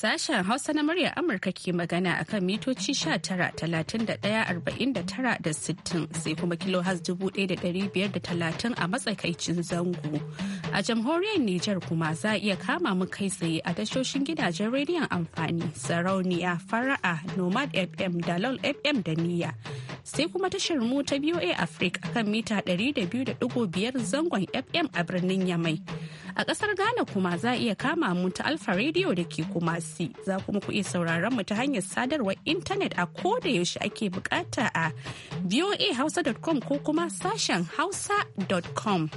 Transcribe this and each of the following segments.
Sashen Hausa na murya Amurka ke magana a kan mitoci 19,31,49 da 60 sai kuma da 1,530 a matsakaicin zango. A jamhuriyar Nijar kuma za a iya kama mu kai tsaye a tashoshin gidajen rediyon amfani sarauniya fara'a Nomad FM dalol FM da niya Sai kuma tashar mu ta BOA Africa kan mita 200.5 zangon FM a birnin Yamai. A ƙasar Ghana kuma za a iya kama mu ta Alfa rediyo da ke kuma DC za kuma ku iya sauraron mu ta hanyar sadarwar intanet a koda yaushe ake bukata a voahausa.com ko kuma sashen hausa.com.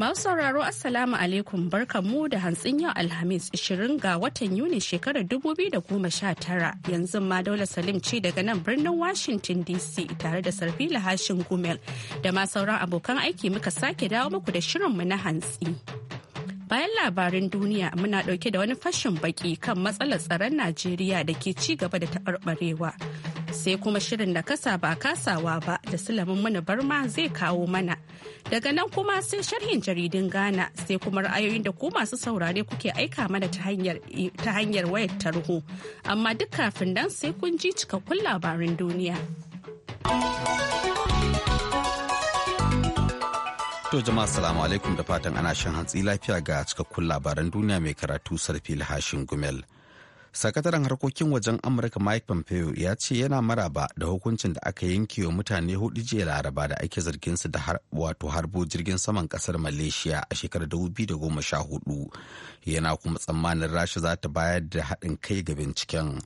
Masu sauraro Assalamu alaikum mu da hantsin yau Alhamis 20 ga watan Yuni shekarar 2019 yanzu ma Daula Salim ce daga nan birnin Washington DC tare da sarfi Lahashin Gumel da ma sauran abokan aiki muka sake dawo muku da shirin mu na hantsi. Bayan labarin duniya muna ɗauke da wani fashin baki kan matsalar tsaron Najeriya da ke ci gaba da taɓarɓarewa. Sai kuma shirin da kasa ba kasawa ba da sulamin mana barma zai kawo mana. Daga nan kuma sai sharhin jaridun Ghana sai kuma ra'ayoyin da ku masu saurare kuke aika mana ta hanyar wayar tarho. Amma duk kafin nan sai kun ji cikakkun labarin duniya. To jama'a salamu alaikum da fatan ana shan hantsi lafiya ga cikakkun labaran duniya mai karatu sarfi lahashin gumel. Sakataren harkokin wajen Amurka Mike Pompeo ya ce yana maraba da hukuncin da aka yanke wa mutane hudu jiya laraba da ake zargin su da wato harbo jirgin saman kasar Malaysia a shekarar 2014 yana kuma tsammanin Rasha za ta bayar da haɗin kai ga binciken.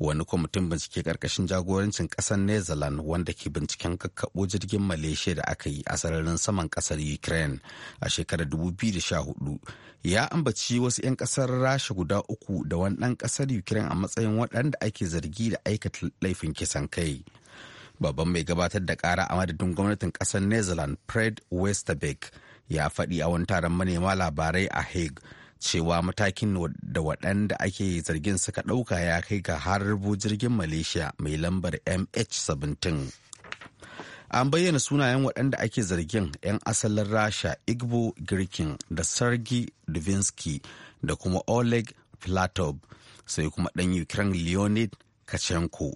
wani kwamitin bincike karkashin jagorancin kasar Netherland wanda ke binciken kakkaɓo jirgin malaysia da aka yi a sararin saman kasar ukraine a shekarar 2014 ya ambaci wasu 'yan kasar rasha guda uku da wani ɗan kasar ukraine a matsayin waɗanda ake zargi da aikata laifin kisan kai babban mai gabatar da ƙara a madadin gwamnatin kasar Netherland, fred westerbeck ya faɗi a wani taron manema labarai a hague cewa matakin da waɗanda ake zargin suka ɗauka ya kai ga harbo jirgin malaysia mai lambar mh17 an bayyana sunayen waɗanda ake zargin 'yan asalin rasha igbo girkin da sergi dubinsky da kuma oleg platov sai kuma ɗan ukraine leonid kachenko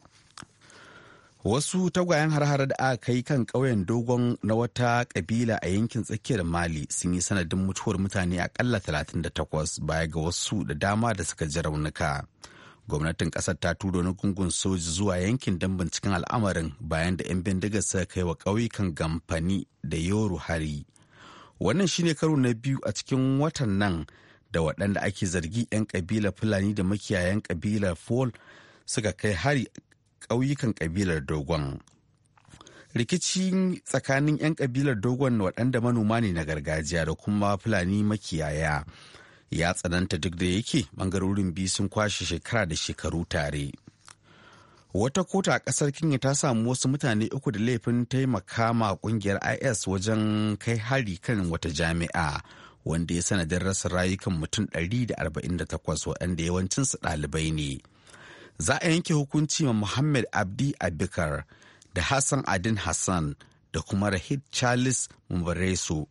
wasu tagwayen har-hare da aka yi kan ƙauyen dogon na wata ƙabila a yankin tsakiyar mali sun yi sanadin mutuwar mutane akalla 38 baya ga wasu da dama da suka ji raunuka gwamnatin ƙasar ta turo na gungun soji zuwa yankin don binciken al'amarin bayan da 'yan bindiga suka kai wa ƙauyukan gamfani da yoro hari wannan shine karo na biyu a cikin watan nan da waɗanda ake zargi 'yan ƙabilar fulani da makiyayan ƙabilar fol suka kai hari ƙauyukan ƙabilar dogon rikicin tsakanin 'yan ƙabilar dogon waɗanda manoma ne na gargajiya da kuma fulani makiyaya ya tsananta duk da yake ɓangarorin biyu sun kwashe shekara da shekaru tare wata kota a ƙasar kenya ta samu wasu mutane uku da laifin taimaka ma ƙungiyar is wajen kai hari kan wata jami'a wanda ya sanadin rasa rayukan mutum 148 waɗanda yawancinsu ɗalibai ne za a yanke hukunci ma Muhammad Abdi Abikar da Hassan Adin Hassan da kuma Rahid Charles mubaresu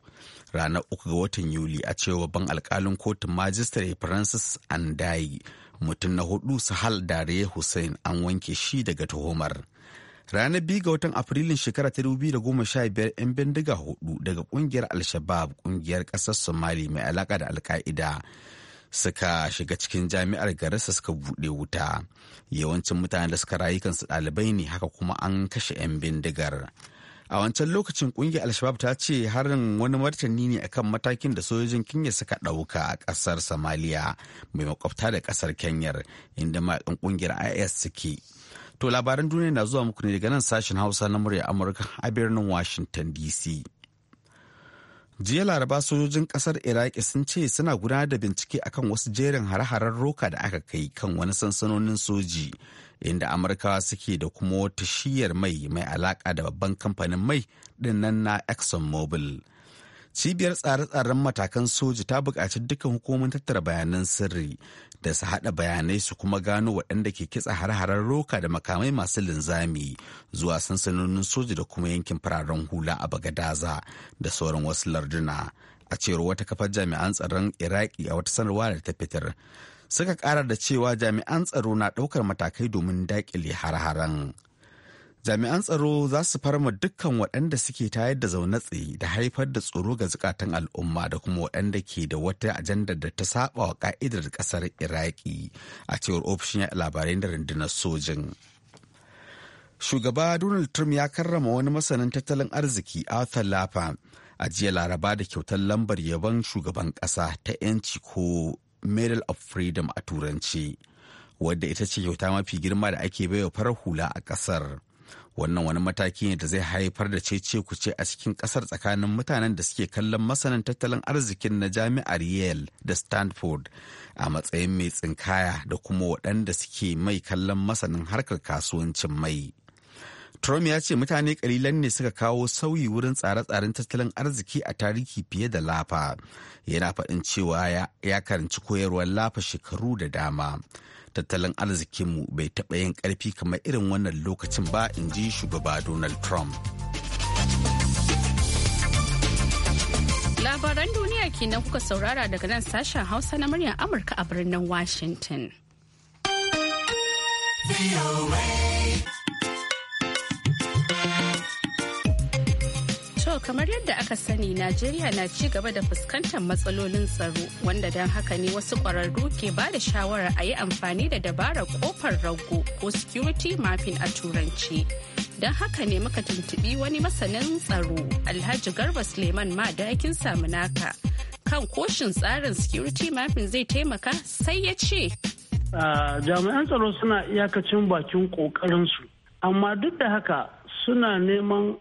ranar uku ga watan Yuli a cewa ban alkalin kotun Majistare Francis andai mutum na hudu Sahal Dare Hussein an wanke shi daga tuhumar. ranar biyu ga watan afrilun shekara ta 2015 'yan bindiga hudu daga kungiyar al shabaab kungiyar kasar somali mai alaka da alka'ida suka shiga cikin jami'ar garissa suka buɗe wuta yawancin mutane da suka rayu kansu ɗalibai ne haka kuma an kashe 'yan bindigar a wancan lokacin kungiyar alshabab ta ce harin wani martani ne akan matakin da sojojin kenya suka ɗauka a ƙasar somalia mai makwabta da ƙasar kenyar inda mayakan kungiyar is suke to labaran duniya na zuwa muku ne daga nan sashen hausa na murya amurka a birnin washington dc jiya laraba sojojin kasar iraki sun ce suna gudanar da bincike akan wasu jerin har-harar roka da aka kai kan wani sansanonin soji inda amurkawa suke da kuma wata shiyar mai mai alaka da babban kamfanin mai dinnan na exxon mobil cibiyar tsare-tsaren matakan soji ta bukaci dukkan hukumomin tattara bayanan sirri da su haɗa bayanai su kuma gano waɗanda ke kitsa har-harar roka da makamai masu linzami zuwa sansanonin soja da kuma yankin fararen hula a bagadaza da sauran wasu larduna a cewar wata kafar jami'an tsaron iraki a wata sanarwa da ta fitar suka ƙara da cewa jami'an tsaro na ɗaukar matakai domin daƙile har-haren. jami'an tsaro za su farma dukkan waɗanda suke tayar da zaune tsaye da haifar da tsoro ga zukatan al'umma da kuma waɗanda ke da wata ajandar da ta saba wa ƙa'idar ƙasar iraki a cewar ofishin ya labarai da rundunar sojin shugaba donald trump ya karrama wani masanin tattalin arziki arthur lapa a jiya laraba da kyautar lambar yabon shugaban ƙasa ta 'yanci ko medal of freedom a turanci wadda ita ce kyauta mafi girma da ake baiwa farar hula a ƙasar. wannan wani mataki ne da zai haifar da cece ce a cikin kasar tsakanin mutanen da suke kallon masanin tattalin arzikin na jami'ar yale da stanford a matsayin mai tsinkaya da kuma waɗanda suke mai kallon masanin harkar kasuwancin mai trump ya ce mutane kalilan ne suka kawo sauyi wurin tsare-tsaren tattalin arziki a tarihi fiye da lafa yana faɗin cewa ya karanci koyarwar lafa shekaru da dama tattalin arzikinmu bai taɓa yin ƙarfi kamar irin wannan lokacin ba in ji shugaba donald trump labaran duniya kenan kuka saurara daga nan sashen hausa na muryar amurka a birnin washington. To kamar yadda aka sani Najeriya na ci gaba da fuskantar matsalolin tsaro wanda don haka ne wasu ƙwararru ke ba da shawarar a yi amfani da dabarar kofar rago ko security mapping a turanci. Don haka ne muka tuntubi wani masanin tsaro Alhaji Garba Suleiman ma da yakin samu naka kan koshin tsarin security mapping zai taimaka sai ya ce. Jami'an tsaro suna iyakacin bakin ƙoƙarinsu amma duk da haka suna neman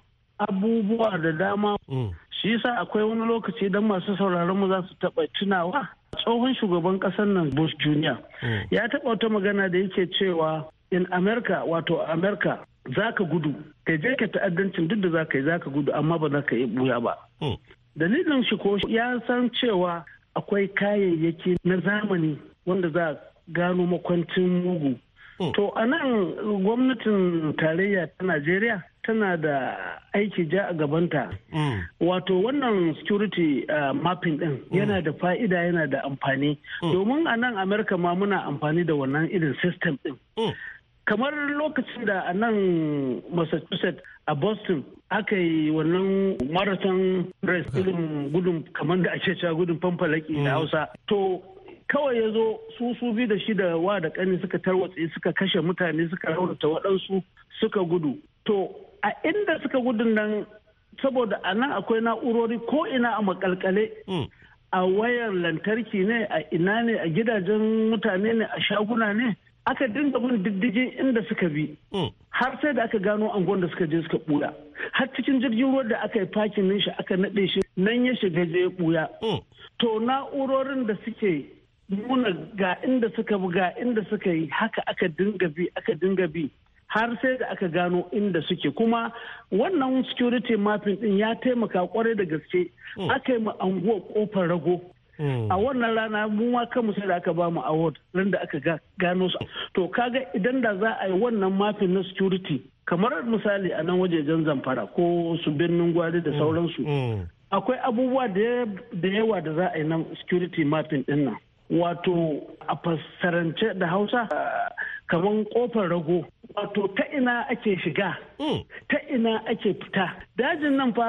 abubuwa da dama mm. shi yasa akwai wani lokaci don masu sauraron mu za su taɓa tunawa tsohon shugaban ƙasar nan bush junior mm. ya taɓa wata magana da yake cewa in america wato america za ka gudu ka je ka ta'addancin duk da za ka yi za ka gudu amma ba za ka yi buya ba mm. dalilin shi ko ya san cewa akwai kayayyaki na zamani wanda za gano makwancin mugu to a nan gwamnatin tarayya ta najeriya tana da aiki ja a gabanta. Mm. Wato wannan security uh, mapping din mm. yana da fa'ida yana da amfani. Mm. Domin a nan Amerika ma muna amfani da wannan irin system din. Kamar lokacin da a nan Massachusetts a Boston aka yi wannan marathon race irin gudun kamar da ake cewa gudun fanfalaki da Hausa. To kawai ya zo su su bi da shi da wa da kani suka tarwatse suka kashe mutane suka raunata waɗansu suka gudu. To a inda suka gudun nan saboda a nan akwai na'urori ko ina a makalkale hmm. a wayar lantarki ne a ina ne a gidajen mutane ne a shaguna ne aka dinga bin diddigin inda suka bi hmm. har sai da aka gano angon da suka je suka buya har cikin jirgin ruwa da aka yi fakin shi aka naɗe shi nan ya shiga je buya hmm. to na'urorin da suke nuna ga inda suka bi ga inda suka yi haka aka dinga bi aka dinga bi har sai da aka gano inda suke kuma wannan security mapping din ya taimaka kwarai da gaske mm. aka yi mu anguwa kofar rago mm. a wannan rana mu ma kanmu sai da aka ba mu award ran da aka gano su to kaga idan da za a yi wannan mapping na security kamar misali a nan wajejen zamfara ko su birnin gwari da mm. sauransu akwai abubuwa da yawa da za a yi na security mapping din nan wato a fassarance da hausa kamar kofar rago wato ta ina ake shiga hmm. ta ina ake fita dajin nan fa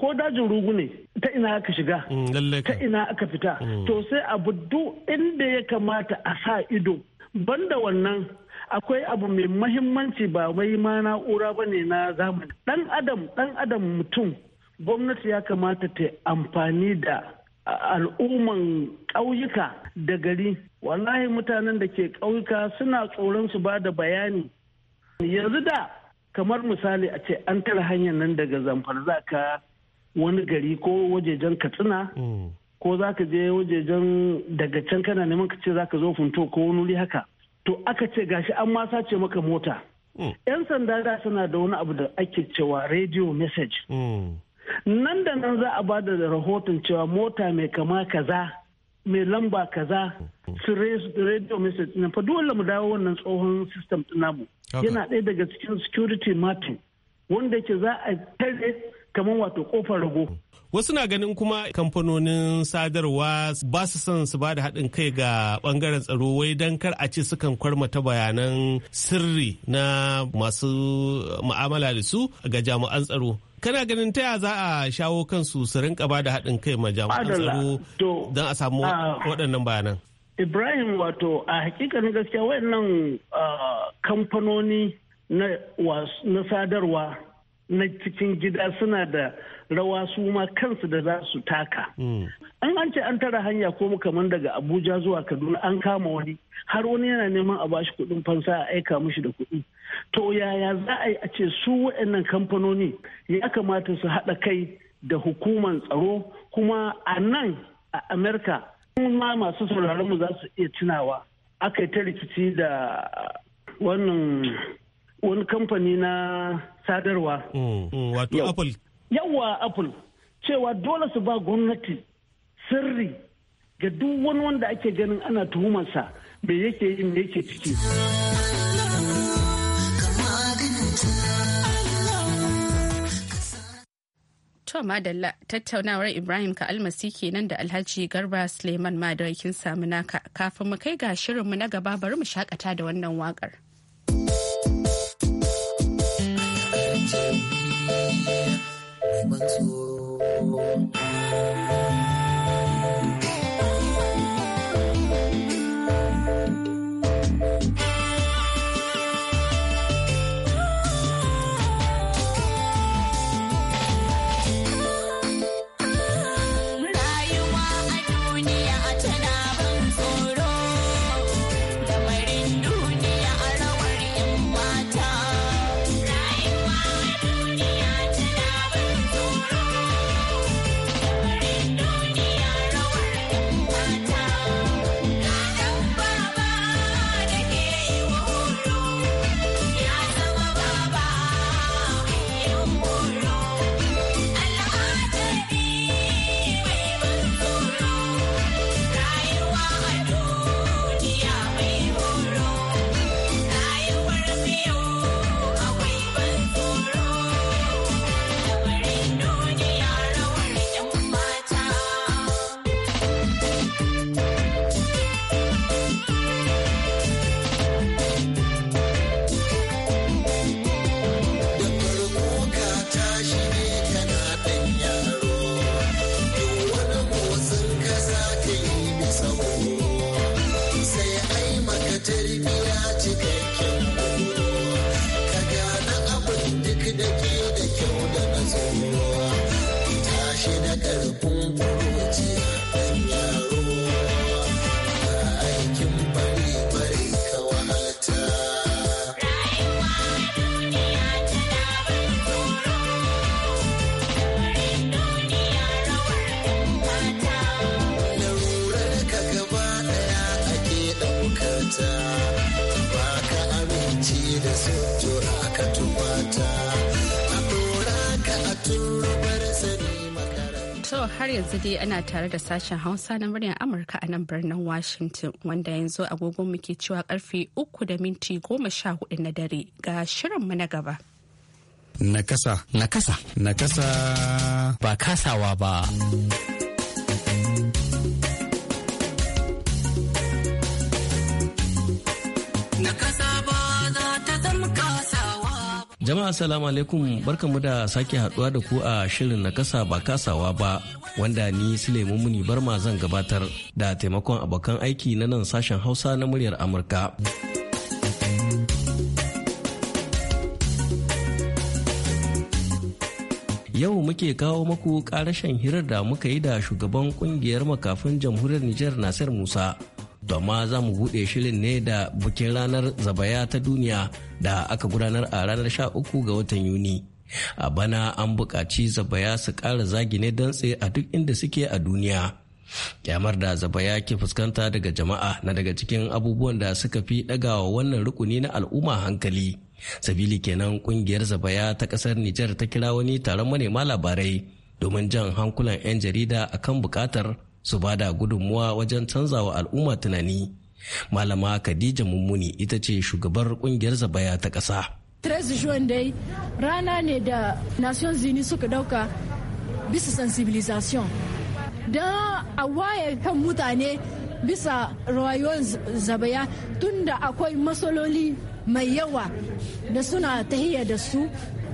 ko dajin rugu ne ta ina aka shiga hmm, ta ina aka fita hmm. to sai abu duk inda ya kamata a sa ido banda wannan akwai abu mai mahimmanci ba wai ma na'ura ba ne na zamani dan adam dan adam mutum gwamnati ya kamata ta amfani da al'umman ƙauyuka da gari wallahi mutanen da ke ƙauyuka suna tsoron su ba da bayani yanzu da kamar misali a ce an tara hanyar nan daga zamfar za ka wani gari ko wajejen katsina mm. ko za ka je wajejen daga can kana neman ka ce za ka zo funto ko wani wuri haka to aka ce gashi an ma sace maka mota mm. yan sanda da suna da wani abu da ake cewa radio message mm. nan da nan za a ba da rahoton cewa mota mai kama kaza mai lamba kaza mm-hmm. su radio message na fa dole mu dawo wannan tsohon system namu yana ɗaya daga cikin security martin wanda ke za a tare kamar wato kofar rago wasu na ganin kuma kamfanonin sadarwa ba su son su ba da haɗin kai ga ɓangaren tsaro wai don kar a ce sukan kwarmata bayanan sirri na masu eh, mu'amala da su ga jami'an tsaro kana ganin ta za a shawo kansu su rinka ba da haɗin kai ma jami'an tsaro don a samu waɗannan bayanan ibrahim wato a hakikanin gaskiya waɗannan kamfanoni na sadarwa na cikin gida suna da rawa su ma kansu da za su taka. Mm. An an ce an tara hanya ko kamar daga Abuja zuwa Kaduna an kama wani har wani yana neman a bashi kuɗin fansa a aika mushi da kuɗi. To yaya za a yi a ce su waɗannan kamfanoni ya kamata su haɗa kai da hukuman tsaro kuma a nan a Amerika ma masu sauraron mu za su iya tunawa aka yi ta rikici da wannan wani kamfani na sadarwa. Mm. Mm, wato Apple yawa apple cewa dole su ba gwamnati sirri ga duk wani wanda ake ganin ana tuhumarsa me yake yi me yake ciki To Madalla tattaunawar Ibrahim ka almasi kenan da Alhaji Garba Suleiman Madawakin samu naka kafin mu kai ga shirinmu na gaba bari mu shakata da wannan wakar. 满足。yanzu dai ana tare da sashen Hausa na muryar Amurka a nan birnin Washington wanda yanzu agogon muke cewa karfe uku da minti goma sha hudu na dare ga shirinmu na gaba. Nakasa. Nakasa. Nakasa. Ba kasawa ba. Jama'a salamu alaikum mu da sake haduwa da ku a shirin na kasa ba kasawa ba wanda ni Suleiman Muni Barma zan gabatar da taimakon abokan aiki na nan sashen Hausa na muryar Amurka. Yau muke kawo maku karashen hirar da muka yi da shugaban kungiyar makafin jamhuriyar Nijar Nasir Musa to zamu za mu buɗe shirin ne da bikin ranar zabaya ta duniya da aka gudanar a ranar 13 ga watan yuni a bana an buƙaci zabaya su ƙara zagine dantse a duk inda suke a duniya kyamar da zabaya ke fuskanta daga jama'a na daga cikin abubuwan da suka fi ɗagawa wannan rukuni na al'umma hankali sabili kenan ƙungiyar zabaya ta ƙasar nijar ta kira wani taron manema labarai domin jan hankulan 'yan jarida akan buƙatar su ba da gudunmuwa wajen canzawa al'umma tunani malama khadija mummuni ita ce shugabar kungiyar zabaya ta ƙasa. 13 dai rana ne da nations unies suka dauka bisa sensibilisation don a waye kan mutane bisa rayuwar zabaya tunda akwai matsaloli mai yawa da suna tahiya da su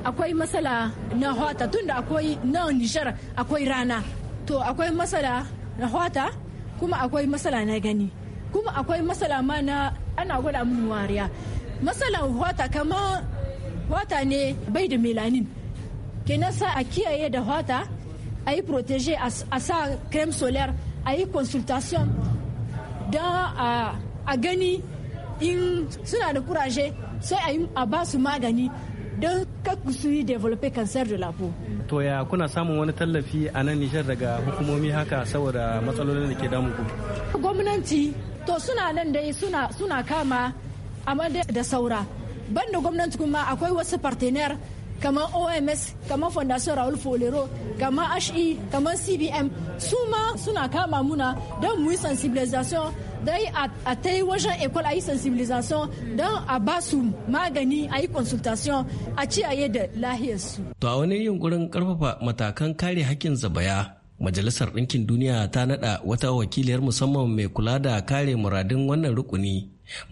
akwai matsala na hota tunda akwai na nishar akwai rana to akwai matsala na hwata kuma akwai masala na gani kuma akwai masala ma na ana gwada mun wariya masalan hwata kama hwata ne bai da melanin kenan sa a kiyaye da hwata a yi protege a sa creme solaire a yi consultation don a gani in suna da kuraje sai a ba su magani don kakusu yi developpe cancer de la peau to ya kuna samun wani tallafi a nan nijar daga hukumomi haka saboda matsalolin da ke damu ku gwamnati to suna nan dai suna suna kama amma da saura banda gwamnati kuma akwai wasu partenaire kamar oms kamar fondation raul folero kamar he kamar cbm su ma suna kama muna don muyi yi sensibilisation dai a ta yi wajen ekol a yi sensibilisation don a ba su magani a yi consultation a ciyaye da lahiyarsu. To a wani yunkurin karfafa matakan kare hakkin zabaya Majalisar Ɗinkin Duniya ta naɗa wata wakiliyar musamman mai kula da kare muradun wannan rukuni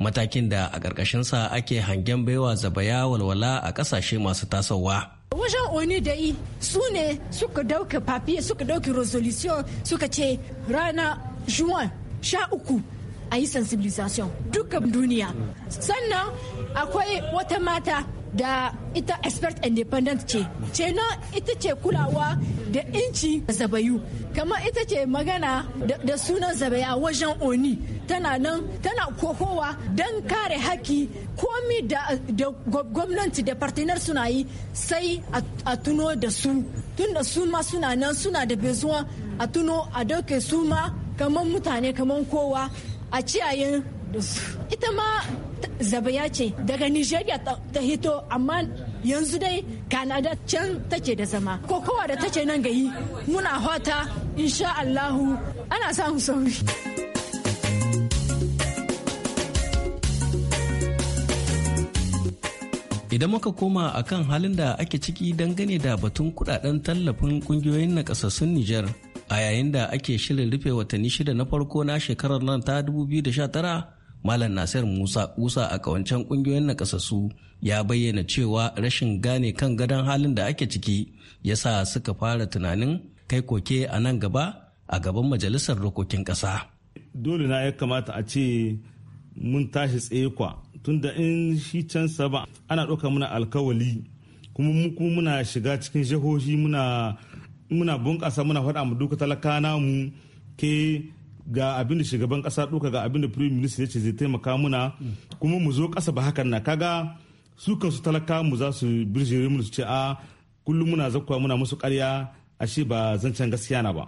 matakin da a ƙarƙashinsa ake hangen baiwa zabaya walwala a ƙasashe masu tasowa. wajen oni da yi su ne suka dauka papiye suka dauki resolution suka ce rana juan sha uku a yi sensibilisation dukkan duniya sannan akwai wata mata da ita expert independent ce ce na ita ce kulawa da inci zabayu kama ita ce magana da sunan zabaya wajen oni tana nan tana kokowa don kare haki komi da gwamnati da partner suna yi sai a tuno da su tun da su ma suna nan suna da bezuwa a tuno a dauke su ma kamar mutane kamar kowa a ciyayin ita ma zabaya ce daga nigeria ta hito amma yanzu dai kanada can take da zama ko kowa da take nan gayi muna hota insha allahu ana samun sauri idan muka koma akan halin da ake ciki dangane da batun kudaden tallafin kungiyoyin nakasassun nijar a yayin da ake shirin rufe watanni shida na farko na shekarar nan ta 2019 malam nasir musa kusa a kawancen kungiyoyin nakasassu ya bayyana cewa rashin gane kan gadon halin da ake ciki ya sa suka fara tunanin kai koke a nan gaba a gaban majalisar dokokin ƙasa. dole na ya kamata a ce mun tashi tsaye kwa tunda in shi can saba ana ɗauka muna alkawali kuma muku muna shiga cikin jihohi muna muna bunƙasa muna faɗa mu duka talaka namu ke ga abinda da shugaban kasa duka ga abin da prime minister ya ce zai taimaka muna kuma mu zo kasa ba hakan na kaga su kansu talaka mu za su birjire mu su ce a kullum muna zakwa muna musu karya ashe ba zancen gaskiya na ba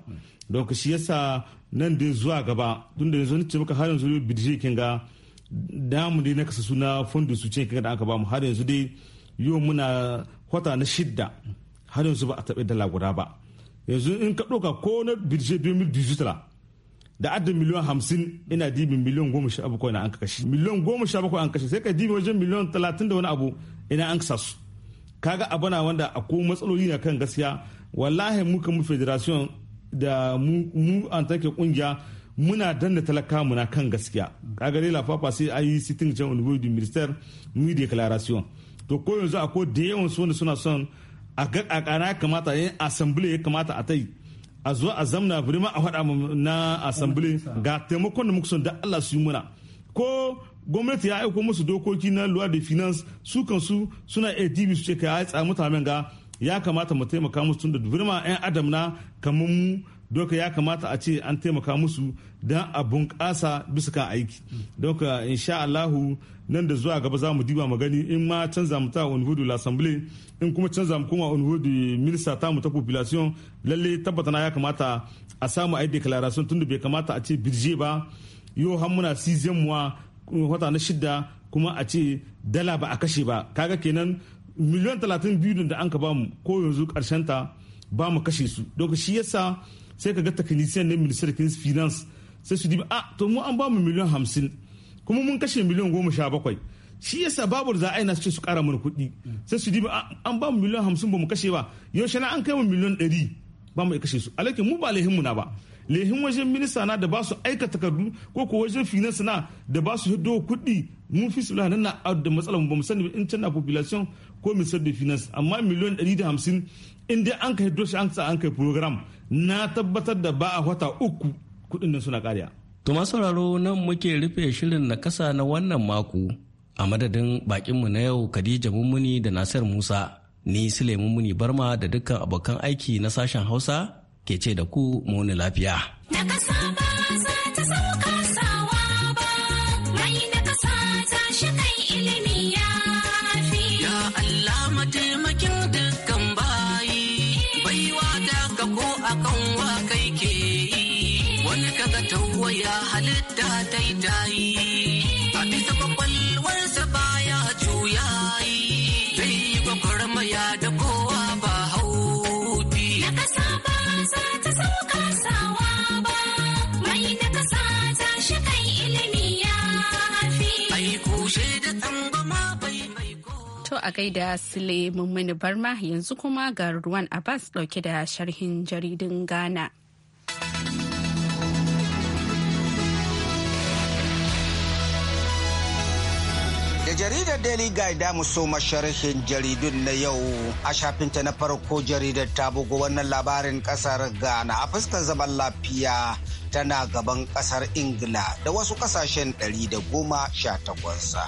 don shi yasa nan dai zuwa gaba tun da yanzu ce muka har yanzu birje kin ga damu dai na kasa suna fondo su ce kin da aka ba mu har yanzu dai yau muna kwata na shidda har yanzu ba a taɓa dala guda ba yanzu in ka ɗauka ko na birje 2018 da adda miliyan hamsin ina dibi miliyan goma sha bakwai na an kashe miliyan goma sha bakwai an kashe sai ka dibi wajen miliyan talatin da wani abu ina an kasa su kaga abana wanda akwai matsaloli na kan gaskiya wallahi muka mu federation da mu an take kungiya muna danna talaka muna kan gaskiya kaga dai lafafa sai yi sitting can on the minister mu declaration to ko yanzu akwai da yawan su suna son a ga kakana kamata yin eh, assembly ya kamata a ta yi a zo a zamna ma a faɗa na assembly ga taimakon da muka da Allah su yi muna ko gwamnati ya aiko musu dokoki na luwa da finance su kansu suna iya dibi su ce ka yi tsamu mutanen ga ya kamata mu taimaka musu tun da ma 'yan adam na kamar mu doka ya kamata a ce an taimaka musu don a bunƙasa bisa kan aiki doka insha Allahu nan da zuwa gaba za mu diba mu gani in ma canza mu ta on hudu l'assemblée in kuma canza mu kuma on hudu minista ta mu ta population lalle tabbata na ya kamata a samu ai tun tunda bai kamata a ce birje ba yo har muna sixième mois wata na shida kuma a ce dala ba a kashe ba kaga kenan miliyan talatin biyu da an ka bamu ko yanzu karshen ta ba mu kashe su don shi yasa sai ka ga technician ne minister of finance sai su dibi a ah, to mu an bamu miliyan hamsin kuma mun kashe miliyan goma sha bakwai shi yasa babu za a yi nasu su kara mana kuɗi sai su diba an ba mu miliyan hamsin ba mu kashe ba yaushe na an kai mu miliyan ɗari ba mu kashe su alaƙin mu ba mu na ba lehin wajen minista na da ba su aika takardu ko ko wajen finance na da ba su hiddo kuɗi mun fi su lahanin na da matsalar ba mu sani in can na population ko minister da finance amma miliyan ɗari da hamsin in dai an kai hiddo shi an an kai program na tabbatar da ba a wata uku kuɗin nan suna ƙariya. To sauraro nan muke rufe shirin na kasa na wannan mako a madadin bakinmu na yau Khadija Mummuni da Nasir Musa ni Sule Mummuni Barma da dukkan abokan aiki na sashen Hausa ke ce da ku muni lafiya. yayi tayi a bisa kwakwalwarsa baya juyayi zai yi gwagwarmaya da kowa ba haufi na kasa ba za ta sauka sawa ba mai na ta shi ilimi ya fi ai kushe da tsangwama bai mai To a gaida Sule Mummuni Barma yanzu kuma ga Ruwan a Abbas ɗauke da sharhin jaridun Ghana. daily guide da mu so masharhin jaridun na yau a shafinta na farko jaridar ta bugu wannan labarin kasar ghana a fuskar zaman lafiya tana gaban kasar ingila da wasu kasashen 118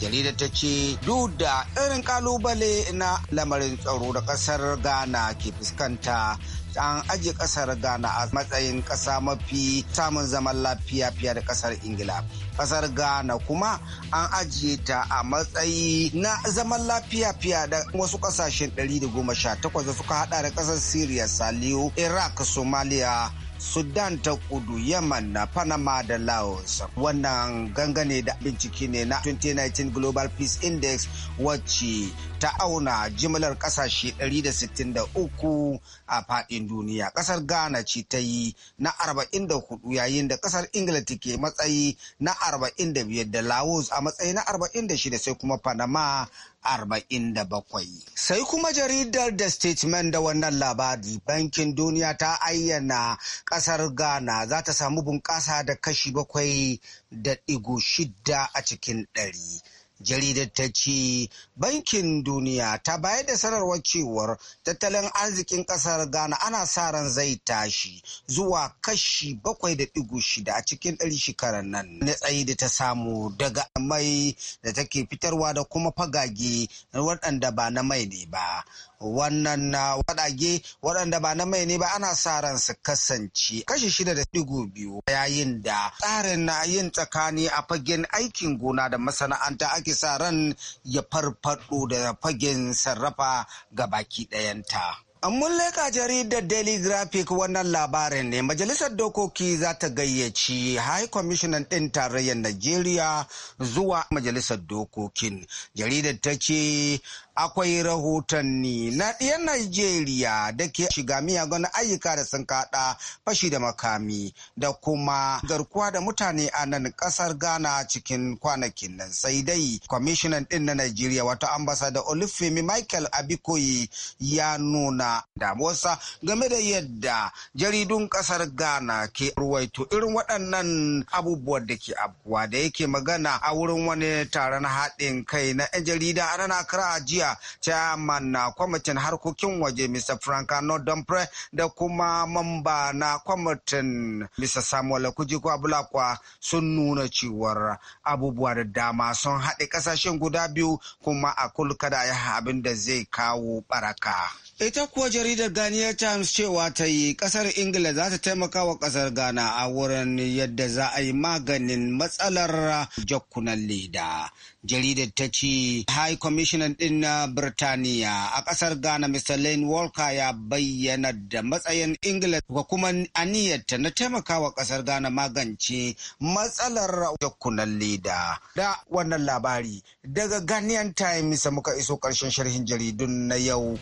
jaridar ta ce duk da irin kalubale na lamarin tsaro da kasar ghana ke fuskanta an ajiye kasar ghana a matsayin kasa mafi samun zaman lafiya fiye da kasar ingila kasar ghana kuma an ajiye ta a matsayi na zaman lafiya fiye da wasu kasashen 118 da suka hada da kasar syria saliyo iraq somalia Sudan ta kudu, Yemen na Panama da Laos. Wannan gangane da bincike ne na 2019 Global Peace Index wacce ta auna jimlar kasashe 163 a faɗin duniya. Kasar Ghana ce ta yi na 44 yayin da kasar Ingila ke matsayi na 45 da Laos a matsayi na 46 sai kuma Panama 47. Sai kuma jaridar da statement da wannan labari bankin duniya ta ayyana kasar Ghana za ta samu bunƙasa da kashi bakwai da ɗigo shida a cikin ɗari. jaridar ta ce bankin duniya ta bayar da sanarwar cewar tattalin arzikin kasar ghana ana sa ran zai tashi zuwa kashi 7.6 a cikin ɗari shekarar nan na tsayi da ta samu daga mai da take fitarwa da kuma fagage waɗanda ba na mai ne ba wannan na wadage waɗanda ba na mai ne ba ana sa ran su kasance kashi shida da digo biyu yayin da tsarin na yin tsakani a fagen aikin gona da masana'anta ake sa ran ya farfaɗo da fagen sarrafa ga baki ɗayanta. mun leka jaridar daily graphic wannan labarin ne majalisar dokoki za ta gayyaci high commissioner ɗin tarayyar najeriya zuwa majalisar dokokin jaridar ta ce akwai rahotanni na ɗiyan Najeriya da ke shiga miyagun ayyuka da sun kaɗa fashi da makami da kuma garkuwa da mutane a nan ƙasar Ghana cikin kwanakin nan. Sai dai kwamishinan ɗin na Najeriya wato ambasada Olufemi Michael Abikoyi ya nuna damuwarsa game da yadda jaridun ƙasar Ghana ke ruwaito irin waɗannan abubuwan da ke abuwa da yake magana a wurin wani taron haɗin kai na 'yan jarida a jiya Abuja, chairman na kwamitin harkokin waje Mr. Frank Nodonpre da kuma mamba na kwamitin Mr. Samuel Kujiko Abulakwa sun nuna cewar abubuwa da dama sun haɗe ƙasashen guda biyu kuma a kulkada ya abin da zai kawo baraka. Ita kuwa jaridar Ghanaian Times cewa ta yi kasar Ingila za ta taimaka wa kasar Ghana a wurin yadda za a yi maganin matsalar jakunan leda. Jaridar ta ce High Commissioner ɗin na Birtaniya a kasar Ghana Mr. Lane Walker ya bayyana da matsayin Ingila ga kuma aniyarta na taimaka wa kasar Ghana magance matsalar jakunan leda. Da wannan labari daga Ghanaian Times muka iso ƙarshen sharhin jaridun na yau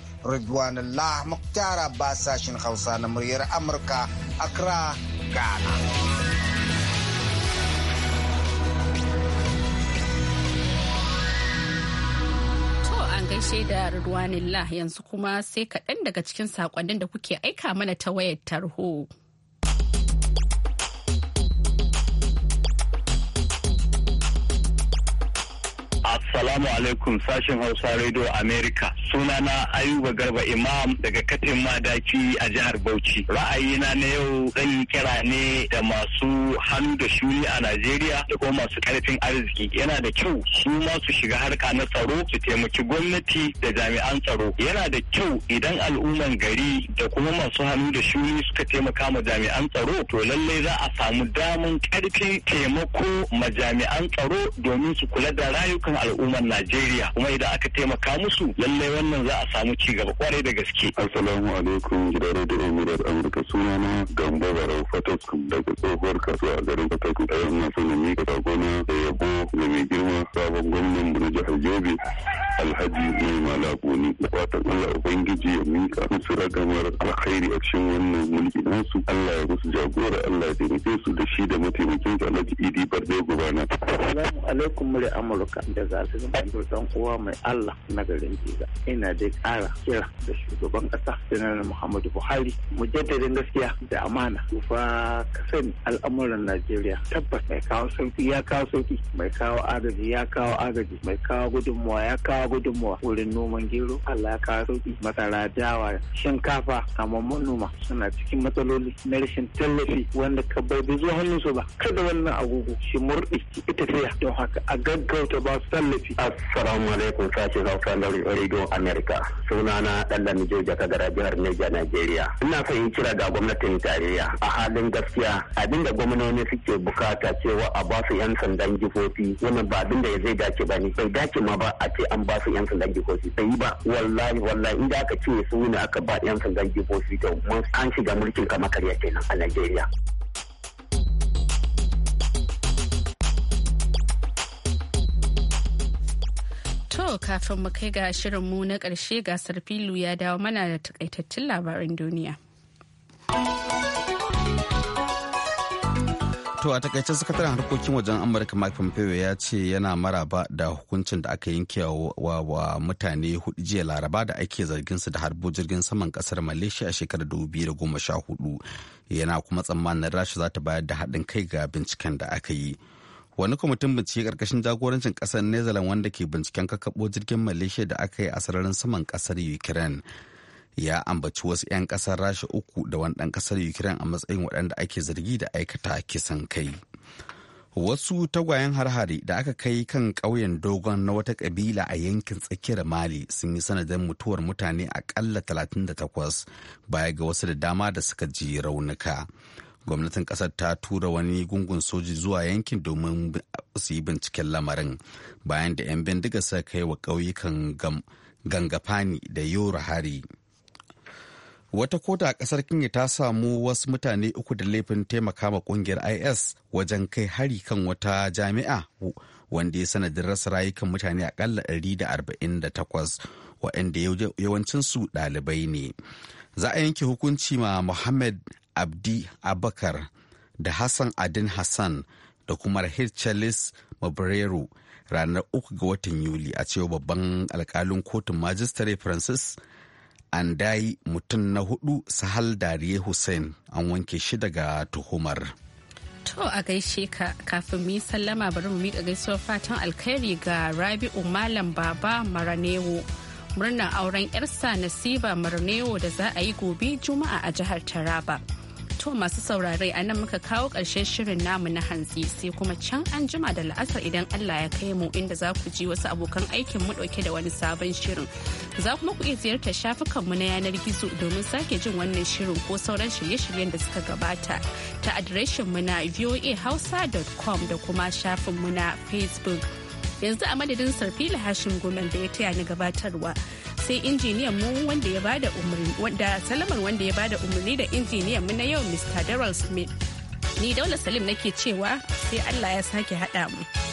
Ridwanullah Muktara ba sashin Hausa na muryar Amurka Accra, Ghana. gaishe da Ridwanillah yanzu kuma sai kaɗan daga cikin saƙonnin da kuke aika mana ta wayar tarho. Assalamu alaikum sashen Hausa Radio America. Sunana Ayuba Garba Imam daga Katin Madaki a jihar Bauchi. Ra'ayina na yau zan kira ne da masu hannu da shuni a Najeriya da kuma masu karfin arziki. Yana da kyau su ma su shiga harka na tsaro su taimaki gwamnati da jami'an tsaro. Yana da kyau idan al'umman gari da kuma masu hannu da shuni suka taimaka ma jami'an tsaro to lallai za a samu daman karfin taimako ma jami'an tsaro domin su kula da rayukan al'ummar Najeriya kuma idan aka taimaka musu lallai wannan za a samu ci gaba kwarai da gaske. Assalamu alaikum gidan Radio Emirat Amurka sunana Gambo Barau Fataskum daga tsohuwar kasuwa a garin Fataskum a yamma suna ga sakona da yabo da mai girma sabon gwamnan mu na jihar Yobe Alhaji Mai Malabuni da fatan Allah Ubangiji ya mika musu ragamar alkhairi a cikin wannan mulki nasu Allah ya musu jagora Allah ya taimake su da shi da mataimakin Alhaji Idi Barde Gubana. Assalamu alaikum murya Amurka da daga za su zama dan uwa mai Allah na garin Jiza. Ina dai ƙara kira da shugaban ƙasa Janar Muhammadu Buhari mu jaddadin gaskiya da amana. Kufa ka sani al'amuran Najeriya tabbas mai kawo sauki ya kawo sauki mai kawo agaji ya kawo agaji mai kawo gudunmuwa ya kawo gudunmuwa wurin noman gero Allah ya kawo sauki masara dawa shinkafa amma manoma suna cikin matsaloli na rashin tallafi wanda ka bai zuwa hannunsu ba kada wannan agogo shi murɗi ita tafiya don haka a gaggauta ba su tallafi assalamu alaikum sashen hausa na radio america sunana ɗan da mijo jaka gara jihar Niger Nigeria ina son yi kira ga gwamnatin tarayya a halin gaskiya abin da gwamnoni suke bukata cewa a ba su yan sandan jihohi wani ba abinda ya zai dace ba ne bai dace ma ba a ce an ba su yan sandan jihohi bai yi ba wallahi wallahi inda aka ce su ne aka ba yan sandan jihohi to an shiga mulkin kama karya kenan a Nigeria To kafin mu kai ga mu na ƙarshe gasar filu ya dawo mana da takaitattun labaran duniya. To a takaice sakataren harkokin wajen Amurka Mike Pompeo ya ce yana maraba da hukuncin da aka yanke wa, wa mutane hudu jiya laraba da ake zargin su da harbo jirgin saman kasar Malaysia a shekarar 2014 yana kuma tsammanin Rasha za ta bayar da haɗin kai ga binciken da aka yi. wani kwamitin bincike karkashin jagorancin kasar netherlands wanda ke binciken kakabo jirgin malaysia da aka yi a sararin saman kasar ukraine ya ambaci wasu 'yan kasar rasha uku da wani dan kasar ukraine a matsayin waɗanda ake zargi da aikata kisan kai wasu tagwayen harhari da aka kai kan ƙauyen dogon na wata ƙabila a yankin tsakiyar mali sun yi sanadin mutuwar mutane aƙalla 38 baya ga wasu da dama da suka ji raunuka gwamnatin kasar ta tura wani gungun soji zuwa yankin domin su yi binciken lamarin bayan da 'yan bindiga suka kai wa ƙauyukan gangafani da yoro hari wata kota a kasar kenya ta samu wasu mutane uku da laifin taimaka ma kungiyar is wajen kai hari kan wata jami'a wanda ya sanadin rasa rayukan mutane akalla 148 waɗanda yawancinsu ɗalibai ne za a yanke hukunci ma muhammad. abdi abakar da hassan adin hassan da kuma rahil charles mabrero ranar uku ga watan yuli a cewa babban alkalin kotun majistare francis an dayi mutum na hudu sahal dariye hussein an wanke shi daga tuhumar. To a gaishe ka kafin mu yi sallama bari mu miƙa gaisuwar fatan alkhairi ga Rabi'u Malam Baba Maranewo. Murnar auren 'yarsa Nasiba Maranewo da za a yi gobe Juma'a a jihar Taraba. To masu saurare a nan muka kawo ƙarshen shirin namu na hantsi sai kuma can an jima da la'asar idan Allah ya kai mu inda za ku ji wasu abokan aikin mu ɗauke da wani sabon shirin. Za kuma ku iya ziyartar shafukanmu na yanar gizo domin sake jin wannan shirin ko sauran shirye-shiryen da suka gabata ta adireshin mu na voahausa.com da kuma shafin mu na Facebook. Yanzu a madadin Sarfila Hashim Gomel da ya taya ni gabatarwa. sai injiniyan mu wanda ya bada umarni wanda salamar wanda ya bada umarni da injiniyan mu na yau Mr. Daryl Smith. Ni Daula Salim nake cewa sai Allah ya sake haɗa mu.